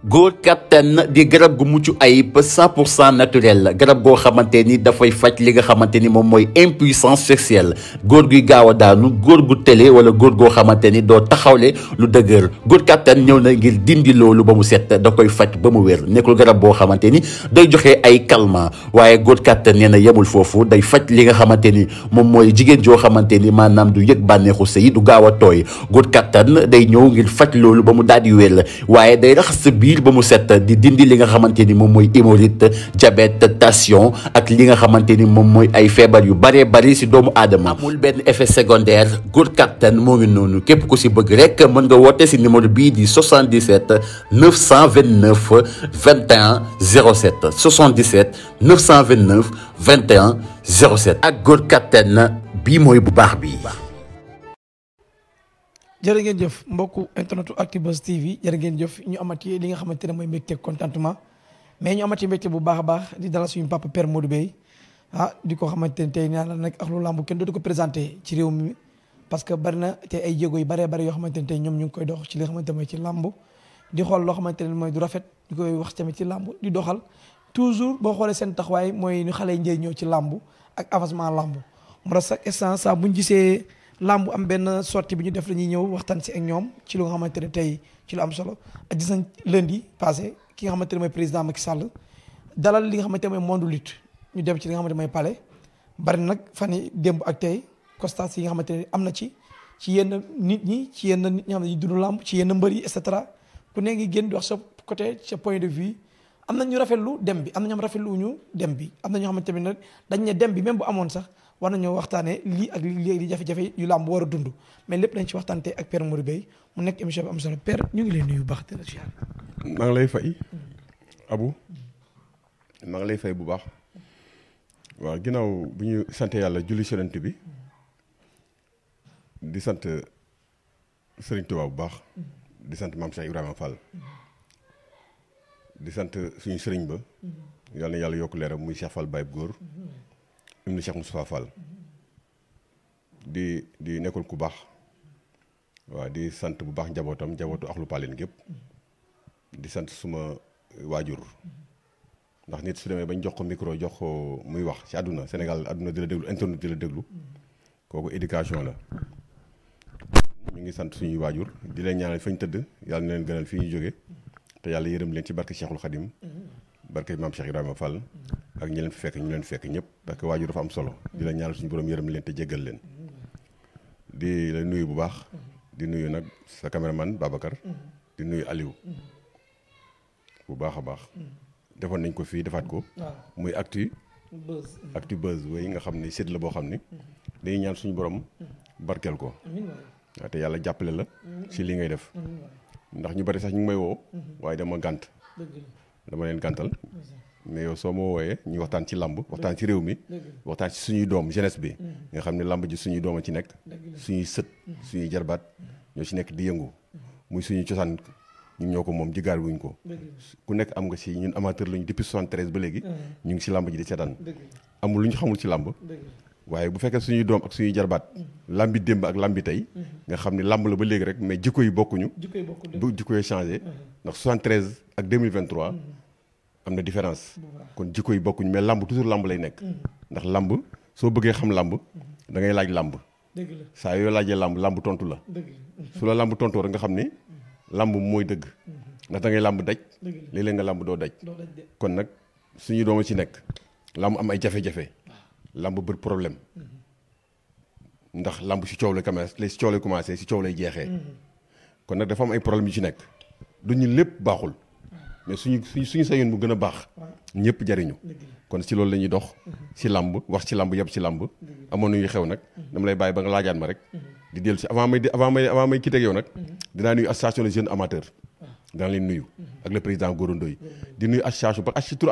góor kattan di garab gu mucc ay 100 pour cent naturel garab goo xamante ni dafay faj li nga xamante ni moom mooy impuissance sexuelle góor guy gaaw a daanu góor gu tële wala góor goo xamante ni doo taxawle lu dëgër góor kattan ñëw na ngir dindi loolu ba mu set da koy faj ba mu wér nekkul garab boo xamante ni day joxe ay calmants waaye góor kattan nee na yemul foofu day faj li nga xamante ni moom mooy jigéen joo xamante ni maanaam du yëg bànneexu sëy du gaaw a tooy góor kattan day ñëw ngir faj loolu ba mu daal di wér waaye huile ba mu set di dindi li nga xamante ni moom mooy hémorroïde diabète tension ak li nga xamante ni moom mooy ay feebar yu bëree bëri si doomu aadama amul benn effet secondaire góor kattan moo ngi noonu képp ku si bëgg rek mën nga woote si numéro bii di 77 929 21 07 77 929 21 07 ak góor kattan bii mooy bu baax bi jërë ngeen jëf mbokku internetu Actubuzz TV jërë ngeen jëf ñu amati li nga xamante ne mooy mbégte contentement mais ñu amati mbégte bu baax a baax di dalal suñu papa Père Modou Beye ah, di ko xamante ne tey naa la nag ak lu làmb kenn dootu ko présenté ci réew mi parce que bari na te ay jéego yu baree bari yoo xamante ni tey ñoom ñu ngi koy dox ci li nga xamante mooy ci làmb di xool loo xamante ne mooy du rafet di koy wax tamit ci làmb di doxal toujours boo xoolee seen taxawaay mooy ñu xale yi njëriñoo ci làmb ak avancement làmb mu sax instant saa bu làmb am benn sortie bi ñu def la ñuy ñëw waxtaan si ak ñoom ci lu nga xamante ne tey ci lu am solo gis nañ lundi passé ki nga xamante ne mooy président Macky Sall dalal li nga xamante ne mooy monde lutte ñu dem ci nga xamante ne mooy palais bari nag fan yi démb ak tey constat yi nga xamante ne am na ci ci yenn nit ñi ci yenn nit ñi xam làmb ci yenn mbër yi et cetera ku ne ngi génn di wax sa côté sa point de vue am na ñu rafetlu dem bi am na ñoom rafetlu ñu dem bi am na ñoo xamante ne dañ ne dem bi même bu amoon sax war nañoo waxtaanee lii ak lii di jafe-jafe yu làmb war a dund mais lépp dañ ci waxtaante ak Père Modou Beye mu nekk émission bi am solo per ñu ngi lay nuyu baax te la ziar. maa ngi lay fay. lay fay bu baax. waaw ginnaaw bu ñu sant yàlla julli sonent bi di sant Serigne bu baax. di sant Mame Cheikh Ibrahima sant suñu sëriñ ba. yal na yàlla yokk leeram muy Cheikh Fall Baye góor. ibnu Cheikh Moustapha Fall di di nekkul ku baax waa di sant bu baax njabootam njabootu axlu paalin gépp di sant suma waajur ndax nit su demee bañ jox ko micro jox ko muy wax ci àdduna Sénégal àdduna di la déglu internet di la déglu kooku éducation la mu ngi sant suñuy waajur di leen ñaanal fañ tëdd yàlla na leen gënal fi ñu jóge te yàlla yërëm leen ci barke Cheikhul Khadim barke maam Cheikh Ibrahima Fall ak ñi leen fi fekk ñu leen fekk ñëpp parce que waajur dafa am solo di la ñaanal suñu borom yërëm leen te jéggal nuyu bu baax di nuyu nag sa caméraman Babacar di nuyu Aliou bu baax a baax defoon nañ ko fii defaat ko muy actu actu buzz yi nga xam ne site la boo xam ni dañuy ñaan suñu borom barkeel ko waaw te yàlla jàppale la ci li ngay def ndax ñu bari sax ñu ngi may woo waaye dama gànt dama leen gàntal mais yow soo ma wooyee ñu waxtaan ci làmb waxtaan ci réew mi waxtaan ci suñuy doom jeunesse bi nga xam ne làmb ji suñuy doom a ci nekk suñuy sët suñuy jarbaat ñoo ci nekk di yëngu muy suñu cosaan ñun ñoo ko moom jigaar wuñ ko ku nekk am nga si ñun amateur lañu depuis 73 ba léegi ñu ngi si làmb ji di seetaan amul lu ñu xamul ci làmb waaye bu fekkee suñuy doom ak suñuy jarbaat làmbi démb ak làmbi tey nga xam ne làmb la ba léegi rek mais jikko yi bokkuñu bu jikko changé ndax 73 ak 2023 am na différence kon jikko yi bokkuñ mais lamb toujours lamb lay nekk mm-hmm. ndax lamb soo bëggee xam lamb mm-hmm. da ngay laaj lamb saa yoo laajee lamb lamb tontu la mm-hmm. su la lamb tontoo rek nga xam ni lamb mooy dëgg ndax dangay ngay lamb daj léeg nga lamb doo daj kon nag suñu dooma ci nekk lamb am ay jafe-jafe ah. lamb bër problème ndax lamb si coow la commencé si coow lay commencé si coow lay jeexee kon nag dafa am ay problème yu ci nekk du ñu lépp baaxul mais suñu suñu sañoon mu gën a baax ñëpp jariñu kon si loolu la ñuy dox si mm-hmm. làmb wax ci làmb yëpp ci làmb amoon nañuy xew nag mm-hmm. dama lay bàyyi ba nga laajaat ma rek mm-hmm. di dellu si avant may avant may avant may quitté ak yow nag dinaa nuyu association des jeunes amateurs dinaa leen nuyu ak le président Goro Ndoye di nuyu association parce que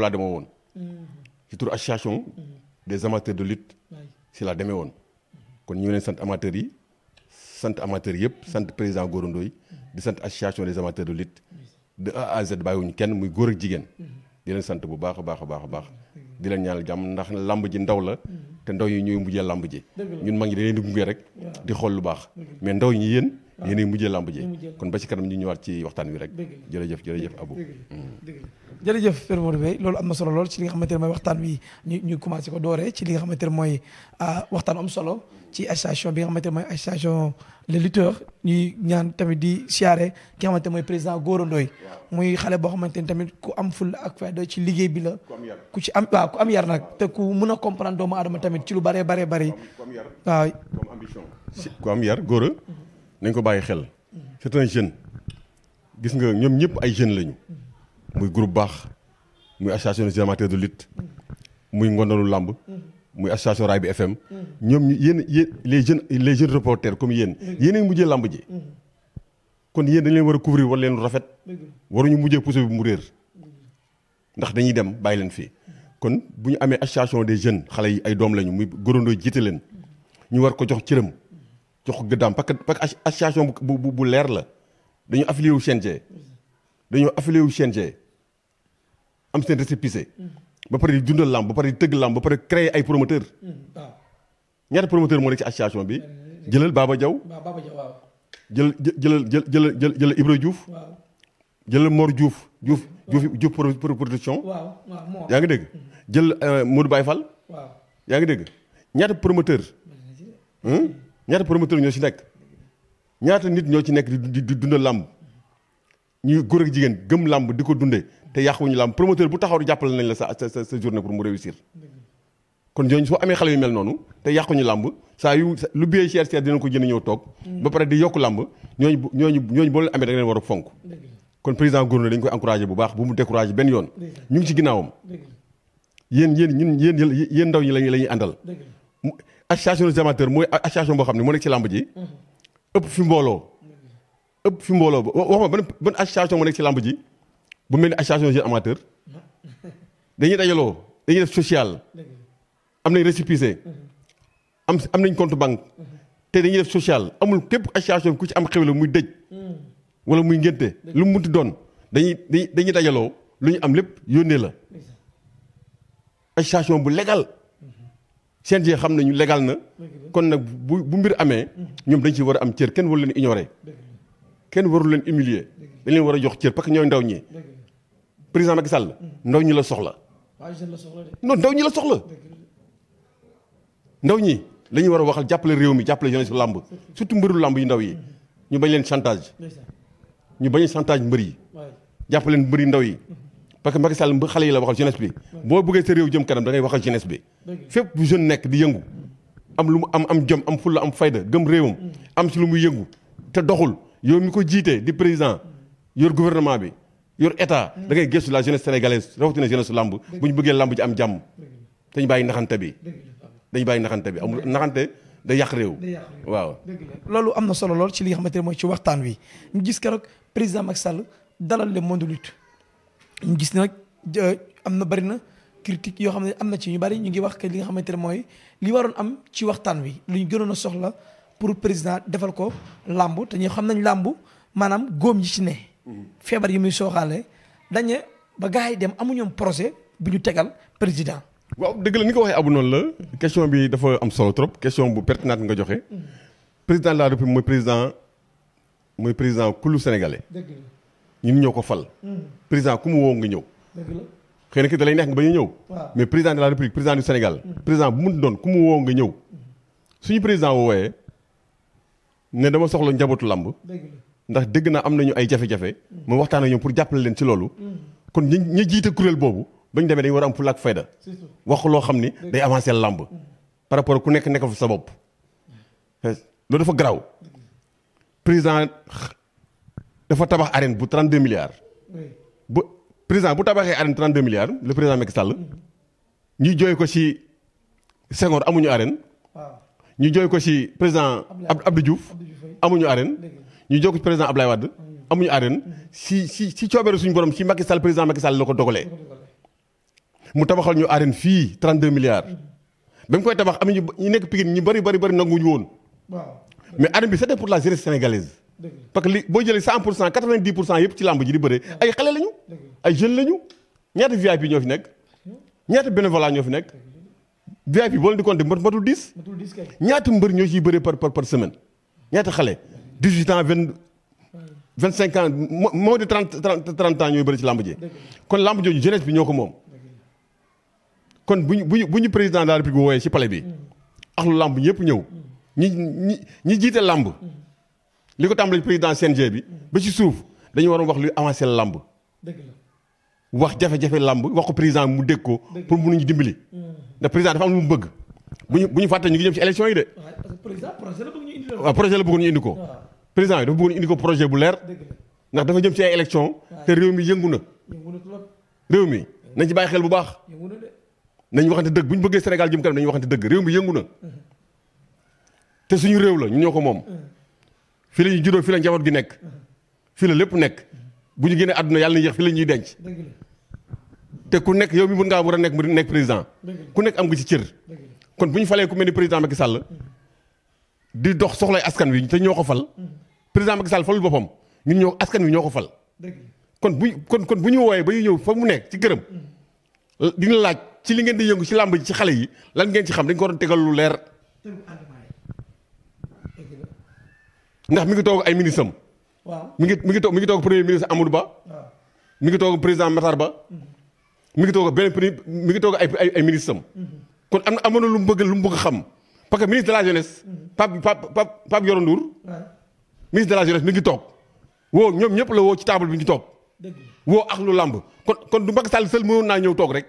laa demee woon ci tur association des amateurs de lutte si laa demee woon kon ñu ngi leen sant amateurs yi sant amateurs yëpp sant président Goro Ndoye di sant association des amateurs de lutte de A à Z bàyyiwuñu kenn muy góor ak jigéen. di leen sant bu baax a baax a baax a baax. di leen ñaanal jàmm ndax làmb ji ndaw la. te ndaw yi ñooy mujjee làmb ji. ñun mag ñi dañ leen di gunge rek. di xool lu baax. mais ndaw yi yéen. yéenay mujjee làmb ji kon ba ci kanam ñu ñëwaat ci waxtaan wi rek jërëjëf jërëjëf Abou mm. jërëjëf Père Modou Bey loolu am na solo lool ci li nga xamante ne mooy waxtaan wi ñu ñu commencé ko doore ci li nga xamante ne mooy ah, waxtaan am solo ci association bi nga xamante ne mooy association les ñuy ñaan tamit di siyaare ki nga xamante mooy président Gora Ndoye muy xale boo xamante ni tamit ku am ful ak fayda ci liggéey bi la ku ci am waaw ku am yar nag te ku mun a comprendre aadama tamit ci lu bëree baree bëri waaw ku am yar Gora mm-hmm. nañ ko bàyyi xel c'est un jeune gis nga ñoom ñëpp ay jeunes lañu muy groupe baax muy association des amateurs de lutte muy ngondalu làmb muy association Raay bi FM ñoom ñu yéen yéen les jeunes les jeunes reporters comme yéen yéen mujjee làmb ji kon yéen dañ leen war a couvrir war leen rafet waruñu mujjee pousse bi mu réer ndax dañuy dem bàyyi leen fii kon bu ñu amee association des jeunes xale yi ay doom lañu muy góorandoo jiite leen ñu war ko jox cëram jox ko gëddaam parce que parce bu bu bu leer la dañu affilié wu CNG. dañoo affilié wu CNG am seen récépissé. ba pare di dundal làmb ba pare di tëgg làmb ba pare créer ay promoteur waaw hmm. ñaata promoteur moo nekk ci association bi. Hmm. jëlal Baba Diaw. Baba Diaw waaw. jël jëlal jël jël jëlal Ibra Diouf. waaw moor Mor Diouf. Diouf hmm. Diouf Diouf production. waaw yaa ngi dégg. jël euh, Modou Baye Fall. waaw yaa ngi dégg ñaata promoteur. ñaata promoteur ñoo ci nekk ñaata nit ñoo ci nekk di di dundal làmb ñuy góor ak jigéen gëm làmb di ko dundee te yàquwuñu làmb promoteur bu taxaw jàppale nañ la sa sa sa journée pour mu réussir. kon ñooñu soo amee xale yu mel noonu te yàquñu làmb saa yu lu biyee cher cher dina ko jënd ñëw toog. ba pare di yokk làmb ñooñu ñooñu ñooñu boo leen amee da ngeen war a fonk. kon président Gourou dañ koy encouragé bu baax bu mu découragé benn yoon. ñu ngi ci ginnaawam. yéen yéen ñun yéen yéen ndaw ñi lañuy àndal association des amateurs mooy association boo xam ne moo nekk ci làmb ji. ëpp fi mbooloo. ëpp fi mbooloo wax ma ban ban association moo nekk ci làmb ji bu mel ni association des amateurs dañuy dajaloo dañuy def social. am nañ récépissé. am am nañ compte banque. te social amul képp association ku ci am xewle muy dëj. wala muy ngénte lu mu munti doon dañuy dañuy dañuy dajaloo lu ñu am lépp yónnee la. association bu légal. CNG xam nañu legal na kon nag bu bu mbir amee mhm. ñoom dañ ci war a am cër kenn waru leen ignorer kenn waru leen humilier dañ war a jox cër parce que ñooy ndaw ñi président Macky Sall mhm. ndaw ñi la soxla non ndaw ñi la soxla ndaw ñi la war a waxal jàppale réew mi jàppale jeunesse làmb surtout mbëru làmb yu ndaw yi mhm. ñu bañ leen chantage ñu bañ chantage mbër yi jàppaleen mbër yu ndaw yi parce que Macky Sall mba xale yi la waxal jeunesse bi boo bëggee sa réew jëm kanam da ngay waxal jeunesse bi fépp jeune nekk di yëngu am lu mu am am jom am fulla am fayda gëm réewam am si lu muy yëngu te doxul yow mi ko jiitee di président yër gouvernement bi yor état da ngay gëstu la jeunesse sénégalaise rawatina jeunesse lamb bu ñu bëggee lamb ji am jàmm dañu bàyyi naxante bi dañu bàyyi naxante bi amul naxante da yàq réew waaw loolu am na solo lool ci li nga xamante mooy ci waxtaan wi ñu gis keroog président Macky Sall dalal le monde lutte ñu gis nag am na bari na critique yoo xam ne am na ci ñu bari ñu ngi wax que li nga xamante ne mooy li waroon am ci waxtaan wi lu ñu gënoon a soxla pour président defal ko làmb te ñu xam nañ làmb maanaam góom yi ci ne. feebar yi muy sooxaale dañu ba gars yi dem amuñoom projet bu ñu tegal président. waaw dëgg la ni ko waxee abu noonu la question bi dafa am solo trop question bu pertinente nga joxe. Mm. président de la République mooy président mooy président kullu sénégalais. ñun ñoo ko fal. président ku mu woo nga ñëw. xëy na ki da lay neex nga bañ ñëw. mais président de la république président du Sénégal. président bu mu doon ku mu woo nga ñëw. suñu président woowee ne dama soxla njabootu làmb ndax dégg naa am nañu ay jafe-jafe. Mm. ma waxtaan ak pour jàppale leen ci loolu. Mm. kon ñi ñi jiite kuréel boobu bañ demee dañu war a am fulla ak fayda. wax loo xam ni day avancer làmb mm. par rapport ku nekk nekkal fa sa bopp. loolu dafa garaw président. dafa tabax arène bu 32 milliards. bu président bu tabaxee arène 32 milliards le président Macky Sall. ñu jooy ko ci Senghor amuñu arène. ñu jooy ko ci président Abdou Diouf amuñu arène. ñu jooy ko ci président Ablaye Wade amuñu arène si si si coobere suñu borom si Macky Sall président Macky Sall la ko dogole mu tabaxal ñu arène fii 32 milliards. Mm-hmm. ba mu koy tabax am ñu nekk Pikine ñi bari bari bari nanguwuñu woon. mais arène bi c'était pour la jeunesse sénégalaise. parce que li boo jëlee cent pour cent quatre vingt dix pour cent yëpp ci làmb ji di bëre ay xale lañu. ay jeunes lañu ñaata VIP ñoo fi nekk ñaata bénévolat ñoo fi nekk. VIP boo leen di compter matul dix. matul dix kay ñaata mbër ñoo ciy bëree par par par semaine ñaata xale dix huit ans vingt vingt cinq ans moo de trente trente trente ñooy bëri ci làmb ji. kon làmb jooju jeunesse bi ñoo ko moom. kon bu ñu bu ñu bu ñu président de la république wooyee ci palais bi. Mm. ak lu làmb ñëpp ñëw. Mm. ñi ñi ñi làmb. Mm. li ko tàmbalee président CNG bi ba ci suuf dañu waroon wax luy avancé làmb dëgg la wax jafe-jafe làmb wax ko président mu dégg ko pour mu ñu dimbali. Hmm. ndax président dafa am lu mu bëgg. bu ñu bu ñu fàtte ñu ngi jëm ci élection yi de. président projet la bëgg ñu indi ko. ñu indi ko. président yi dafa bëgg ñu indi ko projet bu leer. ndax dafa jëm ci ay élection te réew mi yëngu na. réew mi nañ ci bàyyi xel bu baax. nañ waxante dëgg bu ñu bëggee Sénégal jëm kanam nañu waxante dëgg réew yëngu na. Hmm. suñu réew la ñu ñoo ko moom. Hmm. fi la ñu juddoo fi la njaboot gi nekk fi la lépp nekk bu ñu génnee àdduna yàlla na yéex fi la ñuy denc te ku nekk yow mi mun ngaa war a nekk mu nekk président ku nekk am nga ci cër kon bu ñu falee ku mel ni président Macky Sall di dox soxlay askan wi te ñoo ko fal président Macky Sall falul boppam ñun ñoo askan wi ñoo ko fal kon bu kon kon bu ñu wooyee ba ñu ñëw fa mu nekk ci këram dina laaj ci li ngeen di yëngu ci làmb ji ci xale yi lan ngeen ci xam dañ ko doon tegal lu leer ndax mi ngi toog ay ministres am. waaw mi ngi mi ngi toog mi ngi toog premier ministre Amadou Ba. mi ngi toog président Matar Ba. Mhm. mi ngi toog benn prix mi ngi toog ay ay ay ministres am. Mhm. kon am na amoon lu mu lu mu bëgg xam parce que ministre de la jeunesse. Mhm. Pape Pape Pape Pape Yoro Ndour. ministre de la jeunesse mi ngi toog. woo ñoom ñëpp la woo ci table bi ñu toog. woo ak lu làmb kon kon du Macky Sall seul mënoon naa ñëw toog rek.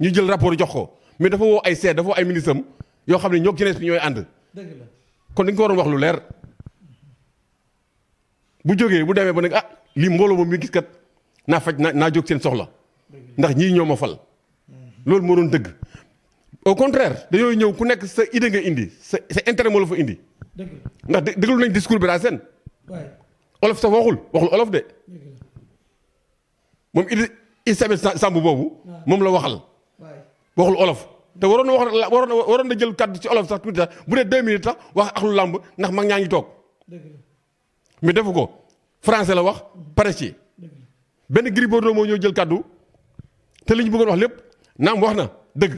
ñu jël rapport jox ko mi dafa woo ay seet dafa woo ay ministres yoo xam ne ñoo jeunesse bi ñooy ànd. kon dañ ko waroon wax lu leer. bu jógee bu demee ba nag ah lii mbooloo moom mi gis kat naa faj naa naa jóg seen soxla ndax ñii ñoo ma fal loolu moo doon dëgg au contraire dañoo ñëw ku nekk sa idée nga indi sa sa intérêt moo fa indi. ndax dé déglu nañ discours bi daa seen. olof sax waxul waxul olof de moom idée Isabel Samb boobu moom la waxal. waxul olof te waroon na wax waroon na waroon na jël kàddu ci olof sax tuuti sax bu dee deux minutes sax wax ak lu làmb ndax mag ñaa ngi toog. mais defu ko français la wax pare ci benn Gris Bordeaux moo ñëw jël kàddu te li ñu bëggoon wax lépp naam wax na dëgg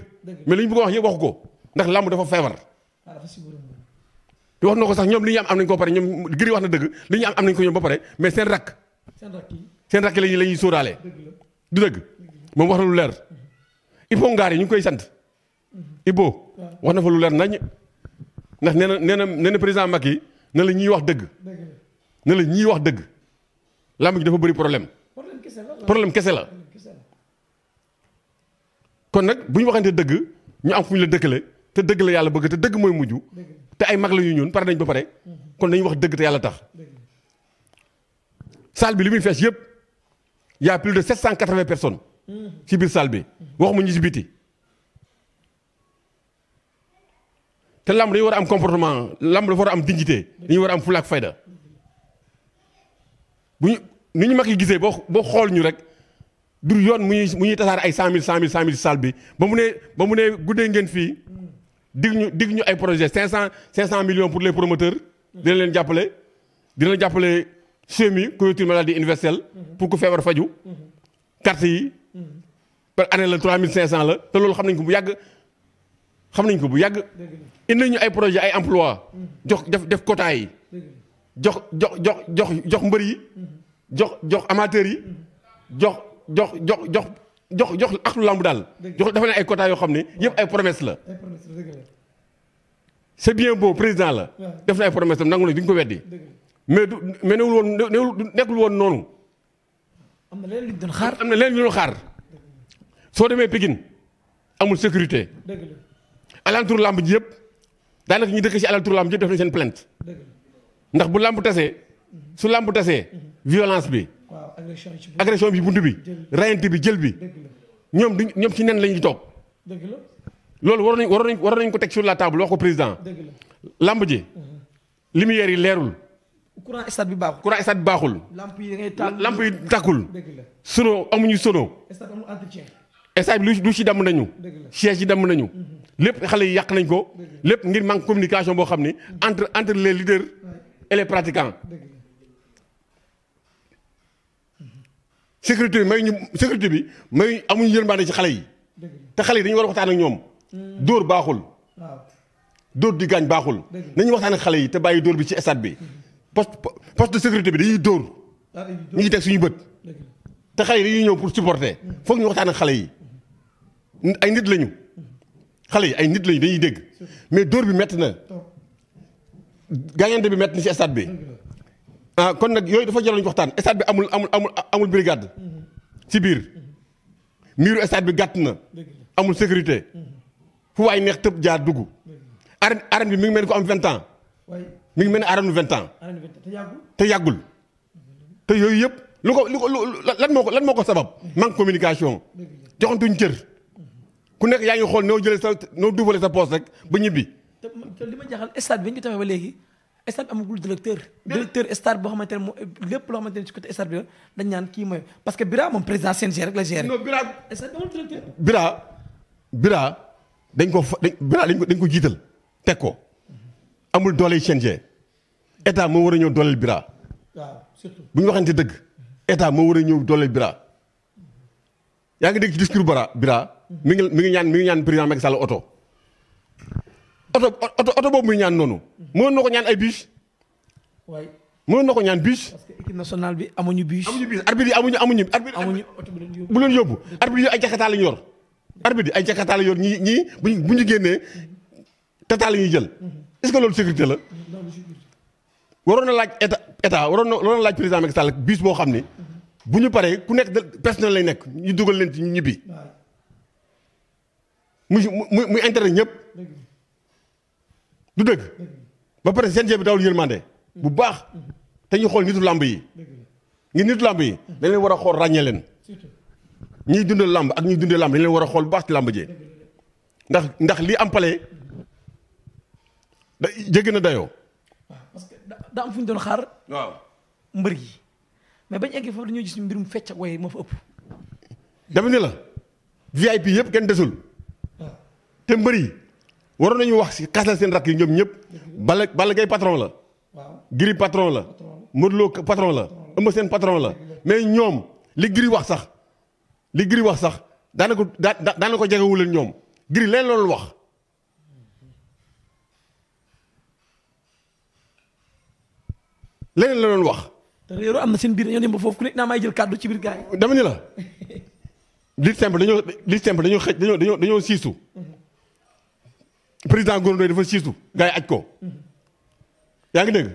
mais li ñu bëggoon wax yëpp waxu ko ndax làmb dafa feebar. Ah, wax na ko sax ñoom li ñu am am nañ ko ba pare ñoom Gris wax na dëgg li ñu am am nañ ko ñoom ba pare mais seen rakk. seen rakk lañuy la ñuy sóoraale. du dëgg moom wax na lu leer. Ibo Ngaar yi ñu koy sant. Mhm. Ibo wax na fa lu leer nañ ndax nee na nee na nee na président Macky ne la ñuy wax dëgg. ne la ñii wax dëgg làmb ji dafa bëri problème. problème kese la kon nag bu ñu waxante dëgg ñu am fu ñu la dëkkale te dëgg la yàlla bëgg te dëgg mooy mujj te ay mag la ñu ñun pare nañ ba pare mhm. kon nañu wax dëgg te yàlla tax salle bi li muy fees yëpp y' a plus de 780 personnes mhm. ci biir salle bi mu mhm. ñu si biti te lamb dañu war a am comportement lamb dafa war a am dignité dañu war a am fulaak fayda bu ñu ni ñu mag yi gisee boo boo xool ñu rek du yoon mu ñuy mu ñuy tasaare ay cent mille cent mille cent mille salle bi ba mu ne ba mu ne guddee ngeen fii dig ñu dig ñu ay projet cinq cent cinq cent millions pour les promoteurs dina leen jàppale dina leen jàppale chemi couverture maladie universelle pour ku feebar faju carte yi par année la trois mille cinq cent la te loolu xam nañ ko bu yàgg xam nañ ko bu yàgg indi ñu ay projet ay emploi jox def def quota yi jox jox jox jox jox mbër yi jox jox amateur yi jox jox jox jox jox jox ak lu lamb daal jox dafa ne ay quotas yoo xam ne yëpp ay promesse la c'est bien beau président la def na ay promesse tam nangu na duñ ko weddi mais du mais newul woon nekkul woon noonu am na leen lu doon xaar am na leen lu doon xaar soo demee Pikine amul sécurité alentour lamb ji yëpp daanaka ñu dëkk ci alentour lamb ji yëpp def nañ seen plainte ndax bu làmb tasee su làmb tasee violence bi. agression bi bunt bi. rayante bi jël bi. ñoom du ñoom ci nen la ñuy toog. loolu waroon nañ waroon nañ waroon nañ ko teg sur la table wax ko président. làmb ji. lumière yi leerul. courant stade bi baaxul. courant baaxul. lamp yi da lamp yi tàkkul. sono amuñu sono. stade amul entretien. stade bi lu ci damm nañu. siège yi damm nañu. lépp xale yi yàq nañ ko. lépp ngir manque communication boo xam ne entre entre les leaders. et les sécurité bi may ñu sécurité bi may amuñu yërmande ci xale yi te xale yi dañu war waxtaan ak ñoom dóor baaxul dóor di gaañ baaxul nañu waxtaan ak xale yi te bàyyi dóor bi ci stade bi poste poste de sécurité bi dañuy dóor ñu ngi teg suñu bët te xale yi dañuy ñëw pour supporter foog ñu waxtaan ak xale yi ay nit lañu xale yi ay nit lañu dañuy dégg mais dóor bi métti na gaañante bi métti na ci stade bi ah, kon nag yooyu dafa jëloon waxtaan stade bi amul amul amul amul brigade ci biir miiru stade bi gàtt na amul sécurité fu waay neex tëb jaar dugg arène arène bi mi ngi mel ni ko am vingt ans mi ngi mel ni arène nu vingt ans te yàggul te yooyu yëpp lu ko lu ko lan moo ko lan moo ko sabab manque communication joxantuñ cër ku nekk yaa ngi xool noo jëlee sa noo duufalee sa poste rek ba ñibbi. te te li ma jaaxal stade bi ñu ko taxawee ba léegi stade bi amagul directeur. directeur stade boo xamante ne moom lépp loo xamante ne ci côté stade bi dañ naan kii mooy parce que Bira moom président CNG rek la gérer. Bira stade dañ ko fa dañ Bira ko dañ ko jiital teg ko amul dooley CNG état moo wër a ñëw dooleel Bira. waaw surtout bu ñu waxante dëgg état moo wër a ñëw dooleel Bira. yaa ngi dégg ci discours bara Bira mi ngi mi ngi ñaan mi ngi ñaan président Macky Sall oto. oto oto oto boobu muy ñaan noonu. mënoon na ko ñaan ay bus. waay mënoon na ko ñaan bus. parce que équipe nationale bi amuñu bus. amuñu bus arbitre yi amuñu amuñu. amuñu oto bu leen yóbbu leen yóbbu. arbitre yi ay jakarta lañu yor. arbitre yi ay jakarta lañu ñii ñii buñ bu ñu génnee tata la ñuy jël. Mm-hmm. est-ce que loolu sécurité la. waroon na laaj état état waroon na waroon na laaj président Macky Sall bus boo xam ni. Mm-hmm. bu ñu paree ku nekk personnel lay nekk ñu dugal leen ñu ñibbi. muy muy mu intérêt ñëpp. du dëgg ba pare CNG bi dawul yërmande bu baax te ñu xool nitu làmb yi ngi nitu làmb yi dañ war a xool ràññee leen ñiy dundal làmb ak ñiy dundee làmb dañ leen war a xool bu baax ci làmb jee ndax ndax lii am pale da jéggi na dayoo. da am fu ñu doon xaar. waaw mbër yi mais bañ eggee foofu dañoo gis mbirum fecc ak waaye moo fa ëpp. dama ne la VIP yëpp kenn desul. te mbër yi waroon nañu wax si xasal seen rakk yi ñoom ñëpp. Balla Balla Gaye patron la. waaw Gris patron la. Modou Lo patron la. Eumeu seen patron la mais ñoom li Gris wax sax li Gris wax sax daanaka daa daanaka ko jegewu ñoom Gris leen loolu wax. leneen la doon wax. te réeru am na seen biir ñoo dem ba foofu ku jël kàddu ci biir gars la. lutte simple dañoo lutte simple dañoo xëj dañoo dañoo dañoo siisu. président Gora Ndoye dafa siisu gars yi aj ko yaa ngi dégg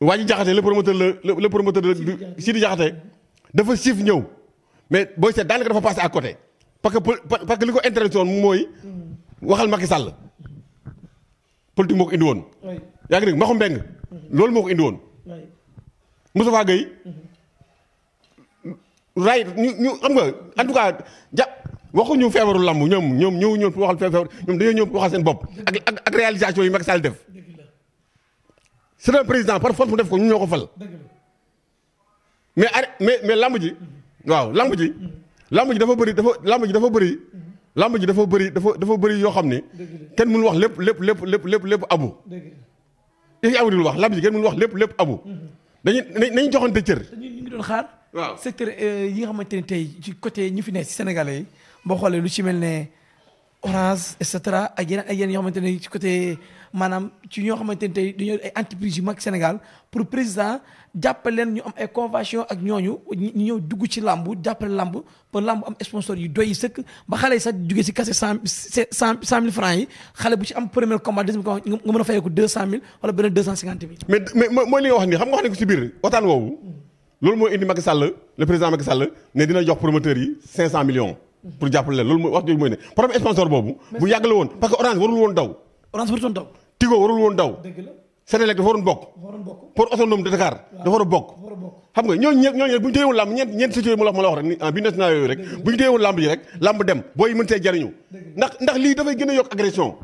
waa ji jaxate le promoteur le le promoteur de Sidi jaxate dafa siif ñëw mais booy set daanaka dafa passé à côté parce que parce que li ko intéressé woon mooy waxal Macky Sall politique moo ko indi woon. yaa ngi dégg Maxu Mbeng mhm. loolu moo ko indi woon. Moustapha Gueye mhm. ray ñu ñu xam nga en tout cas ja waxuñu feebaru lamb ñoom ñoom ñëw ñëw waxal feebar ñoom dañoo ñëw waxal seen bopp ak ak ak yi mag Sall def c'est un président par force mu def ko ñu ñoo ko fal mais ar mais mais lamb ji waaw lamb ji lamb ji dafa bëri dafa lamb ji dafa bëri lamb ji dafa bëri dafa dafa bëri yoo xam ne kenn munu wax lépp lépp lépp lépp lépp lépp abu yi abu dul wax lamb ji kenn mënul wax lépp lépp abu dañuy nañ joxante cër dañu ngi doon waaw secteur euh, yi nga xamante ne tey ci coté ñu fi ne si sénégalais yi boo xoolee lu ci mel ne orange et cetera ak yeneen ak xamante ne ci côté maanaam ci ñoo xamante ne tey dañoo ay entreprises yu mag Sénégal pour président jàppale leen ñu am ay convention ak ñooñu ñu ñëw dugg ci làmb jàppale làmb pour làmb am sponsor yu doy sëkk ba xale yi sax jugee si kase cent mille francs yi xale bu ci am premier combat nga mën a fayee ko deux cent mille wala loolu moo indi Macky Sall le président Macky Sall ne dina jox promoteur yi 500 millions. pour jàppale leen loolu mooy wax jooju mooy ne problème boobu. bu yàgg la woon parce que warul woon daw. orange warul woon daw. Tigo warul woon daw. dëgg la dafa waroon bokk. waroon bokk port autonome dafa war a bokk. xam nga ñooñu ñëpp ñooñu bu ñu téyewoon làmb ñeent ñeent situation yi ma la wax rek ah, bi national yooyu rek bu dem booy mën see jariñu ndax ndax lii dafay gën a yokk agression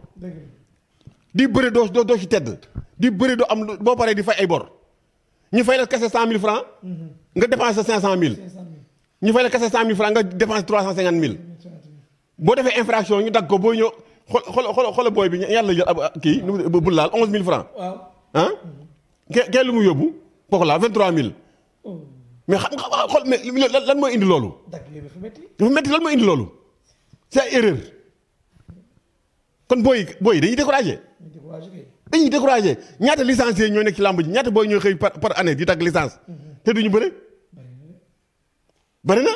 di bëre doo doo ci tedd di bëre doo am boo paree di fay ay bor ñu fay la kese cent mille francs mhm. nga dépensé cinq cent mille ñu fay la kese cent mille francs nga dépensé trois cent cinquante mille boo defee infraction ñu dagg ko booy ñëw xol xol xol booy bi ñu yàlla jël ab kii bu laal onze mille francs ah ke ke lu mu yóbbu kooku la vingt trois mille oh. mais xam nga xol mais lan mooy indi loolu dafa métti lan mooy indi loolu c'est erreur kon booy booy dañuy découragé dañuy découragé ñaata licenciés ñoo nekk ci làmb ji ñaata booy ñooy xëy par par année di tag licence te duñu bëre bëri na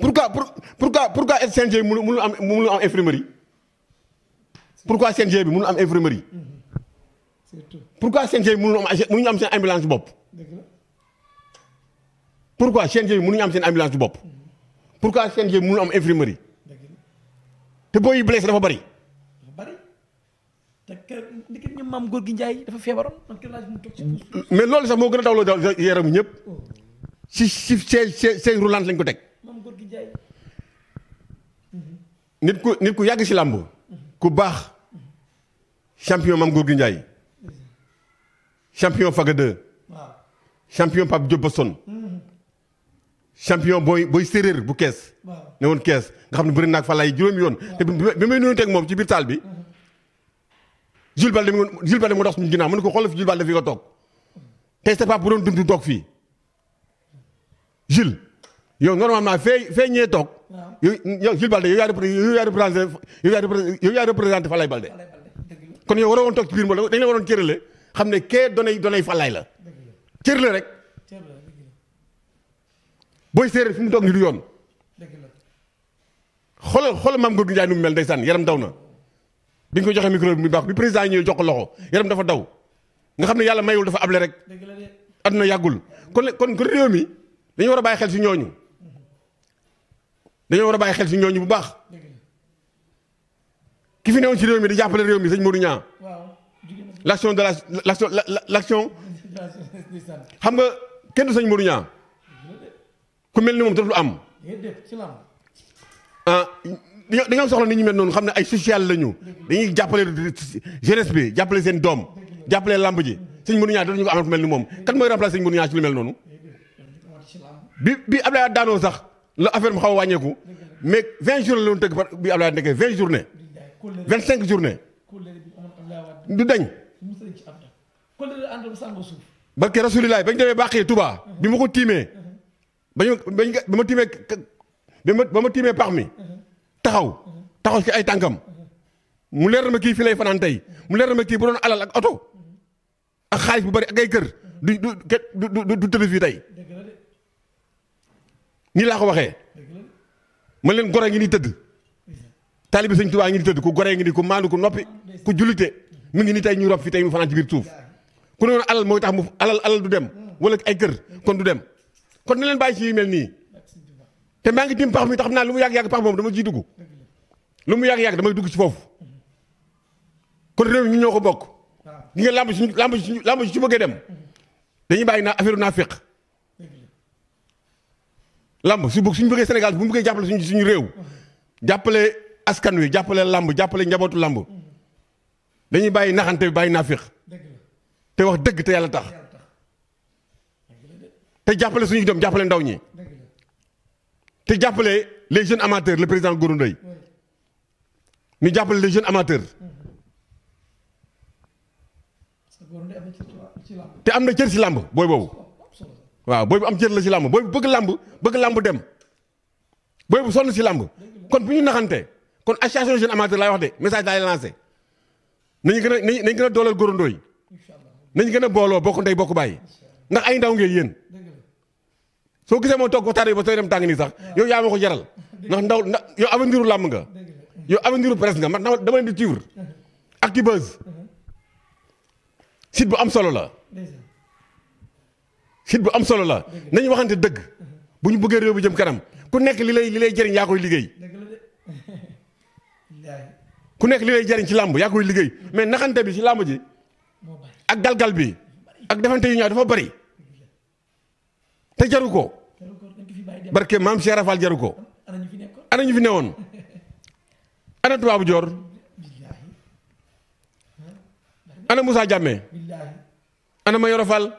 pourquoi pour pourquoi pourquoi CNG mënu mënu am mënu am infirmerie pourquoi CNG bi mënu am infirmerie pourquoi CNG bi mënu am mënuñu am seen ambulance bopp pourquoi CNG bi mënuñu am seen ambulance bopp pourquoi CNG bi mënu am infirmerie te booy yi blessé dafa bëri maam góor gi Njaay dafa mais loolu sax moo gën a dawloo daw yaram ñëpp si si see see see roulante lañ ko teg. maam góor gi Njaay mm-hmm. nit ku nit ku yàgg si làmb ku baax champion maam góor gi Njaay champion Faga 2 champion Pape Diop Boston mm-hmm. champion booy booy séeréer bu kees ne woon kees nga xam ne bëri naag fa lay yoon te bi may nuyu teg moom ci biir taal bi mm-hmm. Jules Balde mu Jules Balde mu dox suñu ginnaaw mu ne ko xoolal fi Jules Balde fi nga toog tey c'est bu doon dund toog fii Jules yow normalement fee fee ñee toog. yow Jules Balde yow yaa repre yow yaa représenté yow Balde. kon yow waroon toog ci biir mbooloo dañ la waroon cërale xam ne kee donay donay Falaye la. cërale rek. booy séeréer fi mu toog ni du yoon. xoolal xoolal maam Gorgui Ndiaye nu mu mel ndeysaan yaram daw na. bi ñu ko joxee micro bi mu baax bi président yi ñëw jox ko loxo yaram dafa daw nga xam ne yàlla mayul dafa able rek. àdduna yàggul kon kon kon réew mi dañu war a bàyyi xel si ñooñu dañoo war a bàyyi xel si ñooñu bu baax ki fi newoon ci réew mi di jàppale réew mi sëñ Modou Niang. l'action de la l'action l'action xam nga kenn du sëñ Modou Niang ku mel ni moom dootul am. ah dañoo soxla nit ñu mel noonu xam ne ay social la ñu dañuy jàppale jeunesse bi jàppale seen doom jàppale làmb ji sëñ Modou Niang dootuñu ko amat mel ni moom kan mooy remplacer sëñ Modou Niang ci lu mel noonu bi bi Abdoulaye daanoo sax la affaire mu xaw wàññeeku mais 20 jours la doon tëgg par bi Abdoulaye nekkee 20 journée 25 journée du dañ. ba rasulilah bañ demee bàqee Touba bi ma ko tiimee bañ ma bañ ma tiimee ba ma tiimee pax mi. taxaw taxaw ci ay tànkam mu leer na kii fi lay fanaan tey mu leer na kii bu doon alal ak oto ak xaalis bu bari ak ay kër du du du du tëdd fii tey nii laa ko waxee man leen gore ngi ni tëdd taalibi sëñ Tuubaa ngi ni tëdd ku goree ngi ni ku maandu ku noppi ku jullite mu ngi ni tey ñu rob fi tey mu fanaan ci biir suuf ku ne woon alal mooy tax mu alal alal du dem wala ay kër kon du dem kon na leen bàyyi ci mel nii te maa ngi tiim pax mi te xam naa lu mu yàgg-yàgg pax moom dama ciy dugg lu mu yàgg-yàgg damay dugg ci foofu kon réew mi ñu ñoo ko bokk ñi nga làmb su làmb suñu làmb ci bëggee dem dañuy bàyyi naa affaire naa féq làmb su suñu bëggee Sénégal bu mu bëggee jàppale suñu suñu réew jàppale askan wi jàppale làmb jàppale njabootu làmb dañuy bàyyi naxante bi bàyyi naa féq te wax dëgg te yàlla tax te jàppale suñu dem jàppale ndaw ñi te jàppale les jeunes amateurs le président Gourou Ndoye ñu jàppale le jeune amateurs te am na cër ci làmb booy boobu oh, waaw booy bu am cër la ci làmb booy bu bëgg làmb bëgg làmb dem booy bu sonn ci làmb kon bu ñu naxante kon association jeune amateur laay wax de message laay lancé nañu gën a nañu gën a dooleel Gourou Ndoye nañu gën a booloo bokk ndey bokk bàyyi ndax ay ndaw ngeen yéen soo gisee moom toog ko tardé ba sooy dem tàng nii sax yow yaa ma ko jaral ndax ndaw ndax yow avenir u làmb nga yow avenir u presse nga man dama leen di suivre Actubuzz site bu am solo la site bu am solo la nañu waxante dëgg bu ñu bëggee réew bi jëm kanam ku nekk li lilay li lay yaa koy liggéey ku nekk li lay jëriñ ci làmb yaa koy liggéey mais naxante bi ci làmb ji ak galgal bi ak defante yu ñaaw dafa bari te jaru ko barke maam Cheikh Rafal jaru ko ana ñu fi newoon ana tubaabu joor ana Moussa Diame ana Mayoro Fall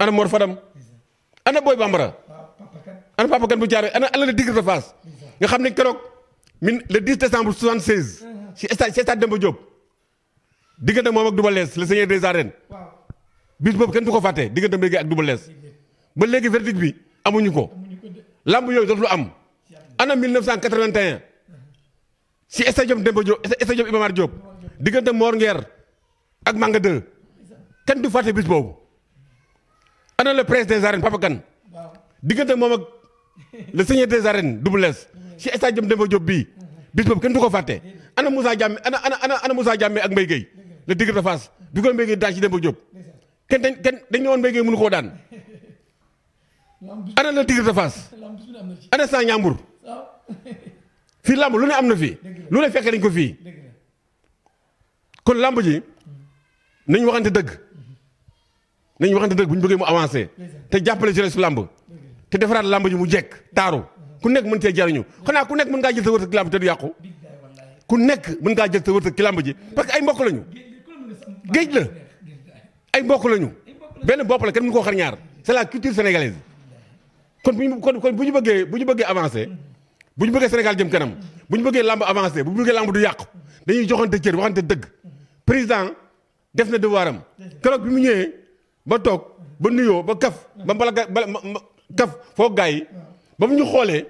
ana Mor Fadam ana Boy Bambara ana Papa Kan bu Thiaroye ana ana le Tigre nga xam ne keroog min le 10 décembre 76 uh-huh. ci stade ci stade Demba Diop diggante moom ak Double Less le seigneur des arènes bis boobu kenn du ko fàtte diggante léegi ak Double Less ba léegi verdict bi amuñu ko. lamb yooyu lu am ana 1981 si stade Demba Diop stade Iba Mar Diop diggante Mor Nguer ak Manga 2 kenn du fàtte bis boobu ana le prince des arènes Papa Kane diggante moom ak le seigneur des arènes Double Less si stade Demba Diop bii bis boobu kenn du ko fàtte ana Moussa Diame ana ana ana Moussa Diame ak Mbaye Gueye le Tigre de Fass bi ko Mbaye Gueye daan si Demba Diop kenn dañ kenn dañ ne woon mënu koo daan. ana la Tigre de Fass ana sa ñambur fii làmb lu ne am na fii lu ne fekk nañ ko fii kon làmb ji nañ waxante dëgg nañ waxante dëgg bu ñu bëggee mu avancé te jàppale jeunesse su làmb te defaraat làmb ji mu jekk taaru ku nekk mën cee jariñu xanaa ku nekk mën ngaa jël sa wërsëg ci làmb te yàqu ku nekk mën ngaa jël sa wërsëg ci ji parce que ay mbokk lañu géej la ay mbokk lañu benn bopp la kenn mënu koo xar ñaar c'est la culture sénégalaise kon bu ñu kon bu ñu bëggee bu ñu bëggee avancé bu ñu bëggee Sénégal jëm kanam bu ñu bëggee làmb avancé bu ñu bëggee làmb du yàqu dañuy joxante cër waxante dëgg président def na devoiram keroog bi mu ñëwee ba toog ba nuyoo ba kaf ba mbala kaf foo gaa yi ba mu ñu xoolee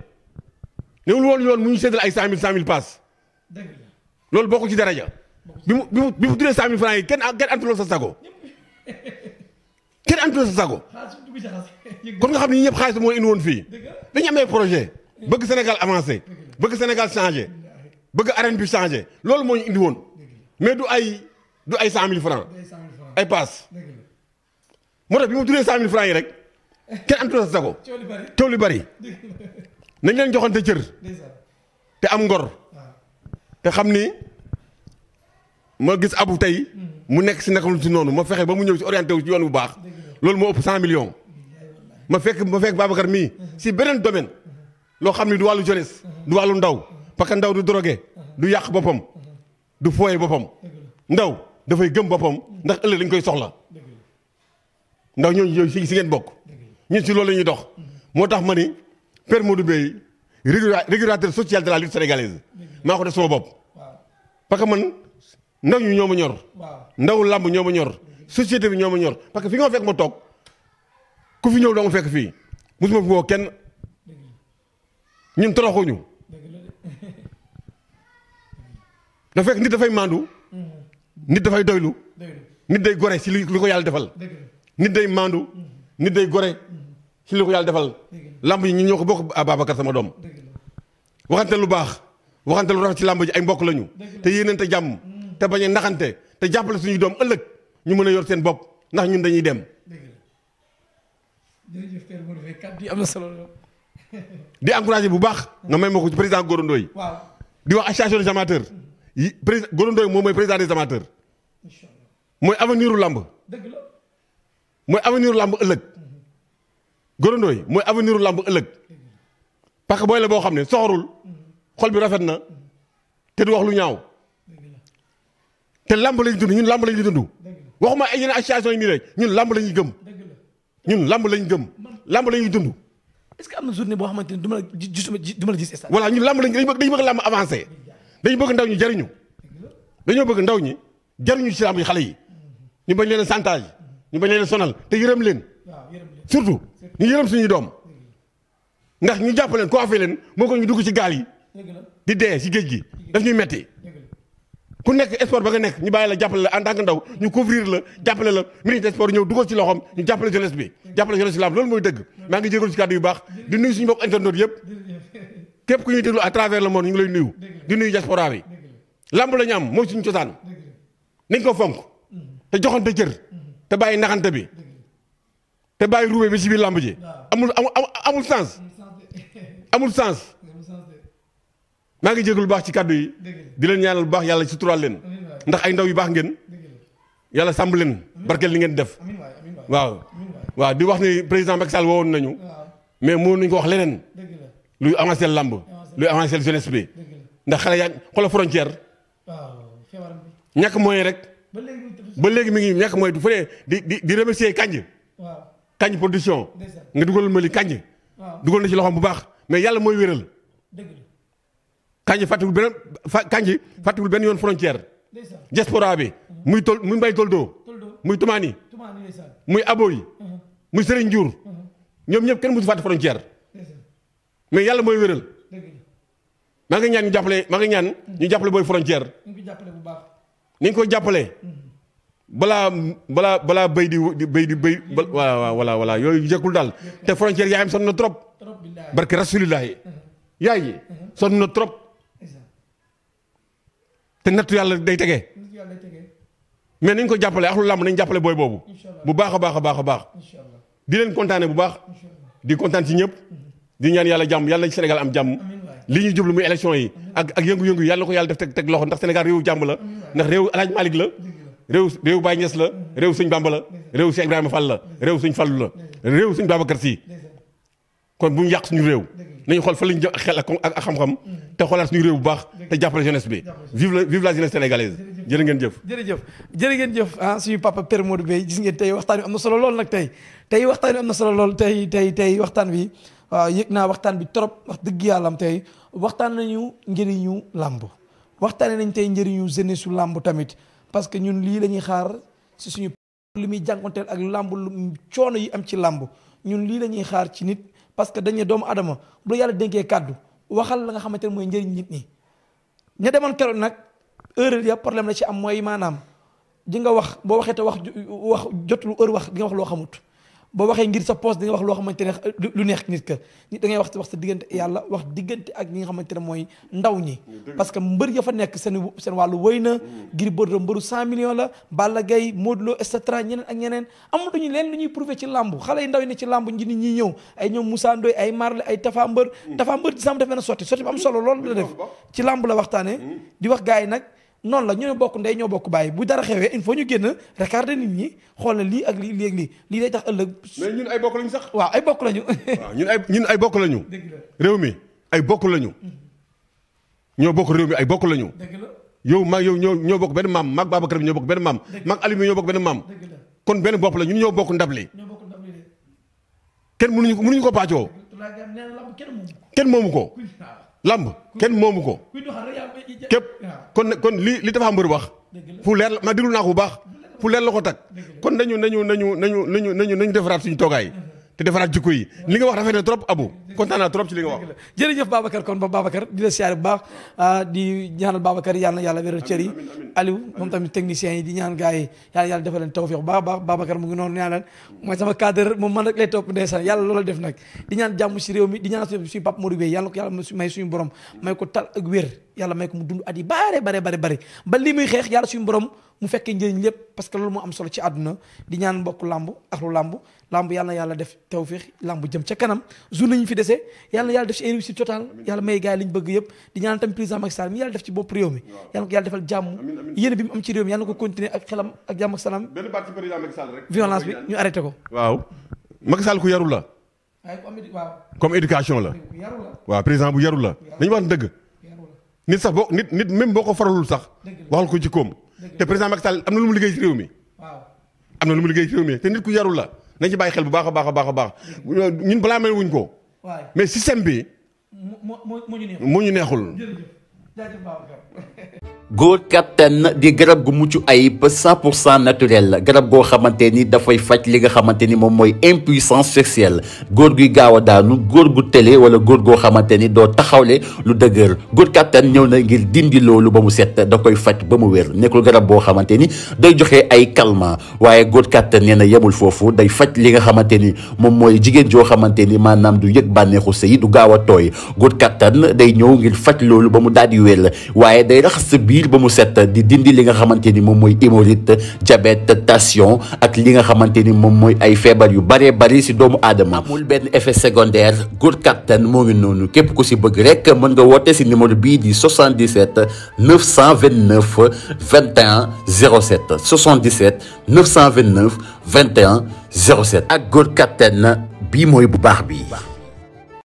newul woon yoon mu ñu seddal ay cent mille cent mille paas loolu bokku ci daraja bi mu bi mu tuddee cent mille francs yi kenn kenn antuloon sa sago kenn antu sa sago kon nga xam ne ñëpp xaalis moo indi woon fii dañu amee projet bëgg Sénégal avancé bëgg Sénégal changé bëgg arène bi changé loolu moo ñu indi woon mais du ay du ay cent mille francs ay paas moo tax bi mu duree cent mille francs yi rek kenn antu sa sago coow li bari nañ leen joxante cër te am ngor ah. te xam ni ma gis abu tey mu nekk si nekkul si noonu ma fexe ba mu ñëw si orienté wu si yoon bu baax loolu moo ëpp cent millions ma fekk ma fekk Babacar mii si beneen domaine loo xam ne du wàllu jeunesse du wàllu ndaw parce que ndaw du drogué du yàq boppam du fooye boppam ndaw dafay gëm boppam ndax ëllëg dañ koy soxla ndaw ñooñu si si ngeen bokk ñun si loolu la ñuy dox moo tax ma ni Père Modou Bey régulateur social de la lutte sénégalaise maa ko def sama bopp ndaw ñu ñoo ma ñor. ndaw làmb ñoo ma ñor. société bi ñoo ma ñor parce que fi nga fekk ma toog ku fi ñëw doo fekk fii mosuma fi woo kenn ñun toroxuñu. dafa fekk nit dafay maandu. Mm-hmm. nit dafay doylu. nit day gore si li ko yàlla defal. nit day maandu. nit day gore ci li ko yàlla defal. Mm-hmm. Mm-hmm. làmb yi ñu ñoo ko bokk Ababacar ah, sama doom. waxante lu baax waxante lu rafet ci làmb ji ay mbokk lañu. te yéenante jàmm. te bañ ndaxante te jàppale suñu doom ëllëg ñu mën a yor seen bopp ndax ñun dañuy dem. am na solo di encouragé bu baax. nga may ma ko ci président Gora waaw di wax association des mm-hmm. yi président Gora Ndoye moom mooy président des mooy avenir u làmb. mooy avenir u làmb ëllëg. Mm-hmm. Gora Ndoye mooy avenir u làmb ëllëg. parce que booy la boo xam ne soxorul. Mm-hmm. xol bi rafet na. te du wax lu ñaaw. te lamb lañ dund ñun lamb lañuy dund waxuma ay yeneen association yi nii rek ñun lamb lañuy gëm ñun lamb lañ gëm lamb lañuy dund. est-ce que am na boo xamante ni du ma la du ma la gis instant. voilà ñun lamb lañ dañu bëgg dañu bëgg lamb avancé dañu bëgg ndaw ñi jariñu dañoo bëgg ndaw ñi jariñu ci lamb xale yi ñu bañ leen santage ñu bañ leen sonal te yërëm leen surtout ñu yërëm suñuy doom ndax ñu jàpp leen coiffé leen moo ko ñu dugg ci gaal yi di dee ci géej gi daf ñuy metti ku nekk sport ba nga nekk ñu bàyyi la jàppale la en tant que ndaw ñu couvrir la jàppale la ministre des sports ñëw dugal ci loxoom ñu jàppale jeunesse bi jàppale jeunesse bi laam loolu mooy dëgg maa ngi jégalu ci kàddu yu baax di nuyu suñu bokk internautes yëpp képp ku ñuy déglu à travers le monde ñu ngi lay nuyu di nuyu diaspora bi lamb la ñu am mooy suñu cosaan nañ ko fonk te joxante cër te bàyyi naxante bi te bàyyi ruube bi ci biir lamb ji amul amul amul sens amul sens maa ngi lu baax ci kàddu yi di leen ñaanal bu baax yàlla suturaal leen ndax ay ndaw yu baax ngeen yàlla sàmm leen barkeel li ngeen def waaw waaw di wax ni président Macky Sall woowoon nañu mais mënoon nañu ko wax leneen luy avancer làmb luy avancer jeunesse bi ndax xale yaa xoolal frontière ñàkk moyen rek ba léegi mi ngi ñàkk mooy du fëree di di di remercier kanj kanj production nga dugalal ma li kanj na ci loxoom bu baax mais yàlla mooy wéral Kandji fàttewul benn Kandji fàttewul benn yoon frontière. diaspora bi. Mhm. muy tol muy Mbaye Toldo. muy Toumani. muy Aboy. Mhm. muy Serigne Ndiour. Mhm. ñoom ñëpp kenn musu fàtte frontière. mais yàlla mooy wéral. maa ngi ñaan ñu jàppale maa ngi ñaan ñu jàppale booy frontière. ni koy jàppale. balaa balaa balaa béy di béy di béy wala wala wala yooyu jëkkul daal te frontière yaayam sonn na trop. barke rasulillahi yaay yi na trop. te nattu yàlla day tegee mais nañ ko jàppale ak lu làmb nañ jàppale booy boobu bu baax a baax a baax a baax di leen kontaane bu baax di kontaan ci ñëpp mhm. di ñaan yàlla jàmm yàlla na Sénégal am jàmm li ñuy jublu muy élection yi ak ak yëngu-yëngu yàlla ko yàlla def teg teg loxo ndax Sénégal réewu jàmm la ndax réewu Alaaji Malick la réew réewu Baye Niass la mhm. réew sëñ Bamba la réew sëñ Ibrahima Fall la réew suñ Fallu la réew suñ Babacar Si kon bu ñu yàq suñu réew nañu xool fa lañu jëm ak xel ak xam-xam te xoolaat suñu réew bu baax te jàppale jeunesse bi vive la vive la jeunesse sénégalaise jërë ngeen jëf jërëjëf jërë ngeen jëf ah suñu papa Père Modou Bey gis ngeen tey waxtaan bi am na solo lool nag tey tey waxtaan bi am na solo lool tey tey tey waxtaan bi waaw yëg naa waxtaan bi trop wax dëgg yàlla am tey waxtaan nañu njëriñu làmb waxtaanee nañ tey njëriñu jeunesse su làmb tamit parce que ñun lii la xaar si suñu li muy jànkonteel ak làmb coono yi am ci làmb ñun lii la ñuy xaar ci nit parce que dañu doomu adama bu la yàlla dénkee kàddu waxal la nga xamante ne mooy njëriñ nit ñi ña demoon keroog nag heure ya problème la ci am mooy maanaam di nga wax boo waxee te wax wax jotul heure wax di wax loo xamut boo waxee ngir sa poste di nga wax loo xamante ne lu neex nit ka nit da wax wax sa diggante yàlla wax diggante ak ñi nga xamante ne mooy ndaw ñi parce que mbër ya fa nekk seen seen wàllu wëy na mm. Gris Bordeaux mbëru cent millions la Balla Gaye Modou Lo et cetera ñeneen ak ñeneen amatuñu leen lu ñuy prouver ci làmb xale yi ndaw yi ne ci làmb nji nit ñi ñëw ay ñoom Moussa Ndoye ay Marley ay Tafa Mbër mm. Tafa Mbër ci sàmm def benn sotti sotti bu am solo loolu la def ci làmb la mm. di wax gars yi nag noonu la ñoo bokk ndey ñoo bokk bàyyi bu dara xewee il faut ñu génn regarder nit ñi xool na lii ak lii léegi lii lii day tax ëllëg. mais ay bokk lañu sax. waaw ay bokk lañu. waaw ñun ay bokk lañu. réew mi ay bokk lañu. Mhm. ñoo bokk réew mi ay bokk lañu. yow maag yow ñoo ñoo bokk benn maam maag Babacar bi ñoo bokk benn maam. maag Aliou mi ñoo bokk benn maam. kon benn bopp la ñun ñoo bokk ndab li. kenn mënuñu ko mënuñu ko pàccoo. kenn moomu ko. lamb kenn moomu ko. képp kon kon lii li dafa am mbër wax. fu leer la ma déglu naa ko bu baax. fu leer la ko tag kon nañu nañu nañu nañu nañu nañu defaraat suñu toogaay. te defaraat jikko yi li nga wax rafet ne trop abu kontaan naa trop ci li nga wax jërëjëf Babacar kon ba Babacar di la siyaare bu baax ah, di ñaanal Babacar yàlla na yàlla wéral yi di ñaan gars yi yàlla yàlla defal leen tawfiq bu baax baax Babacar mu ngi noonu ñaanal mooy sama cadre moom man rek lay def nag di ñaan jàmm si réew mi di ñaan suñu Pape Modou Gueye yàlla may suñu borom mu fekkee njëriñ lépp parce loolu moo am solo ci àdduna di ñaan mbokk làmb ak lu làmb làmb yàlla def tawfiq làmb jëm ca kanam jour nañu fi des kese yàlla yàlla def ci ay réussite totale yàlla may gars yi li ñu bëgg yëpp di ñaan tam président Macky Sall mi yàlla def ci bopp réew mi yàlla ko yàlla defal jàmm yéen bi mu am ci réew mi yàlla na ko continuer ak xelam ak jàmm ak la comme éducation la waaw bu yaru la dañu wax dëgg nit sax boo nit nit boo ko faralul sax waxal ko jikkoom te président Macky Sall am na lu mu liggéey ci réew mi am na lu mu liggéey ci réew mi te nit ku yaru la nañ ci bàyyi xel bu baax a baax a baax a baax ñun balaa mel wuñ ko mais système bi. moo ñu moo ñu neexul. góor kattan di garab gu mucc ayib 100 pour cent naturel garab goo xamante ni dafay faj li nga xamante ni moom mooy impuissance sexuelle góor guy gaaw a daanu góor gu tële wala góor goo xamante ni doo taxawle lu dëgër góor kattan ñëw na ngir dindi loolu ba mu set da koy faj ba mu wér nekkul garab boo xamante ni day joxe ay calmants waaye góor kattan nee na yemul foofu day faj li nga xamante ni moom mooy jigéen joo xamante ni maanaam du yëg bànneexu sëy du gaaw a tooy góor kattan day ñëw ngir faj loolu ba mu daal di wér biir ba mu set di dindi li nga xamante ni moom mooy hémorroïde diabète tension ak li nga xamante ni moom mooy ay feebar yu bëree bëri si doomu aadama amul benn effet secondaire góor kattan moo ngi noonu képp ku si bëgg rek mën nga woote si numéro bii di 77 929 21 07 77 929 21 07 ak góor kattan bii mooy bu baax bi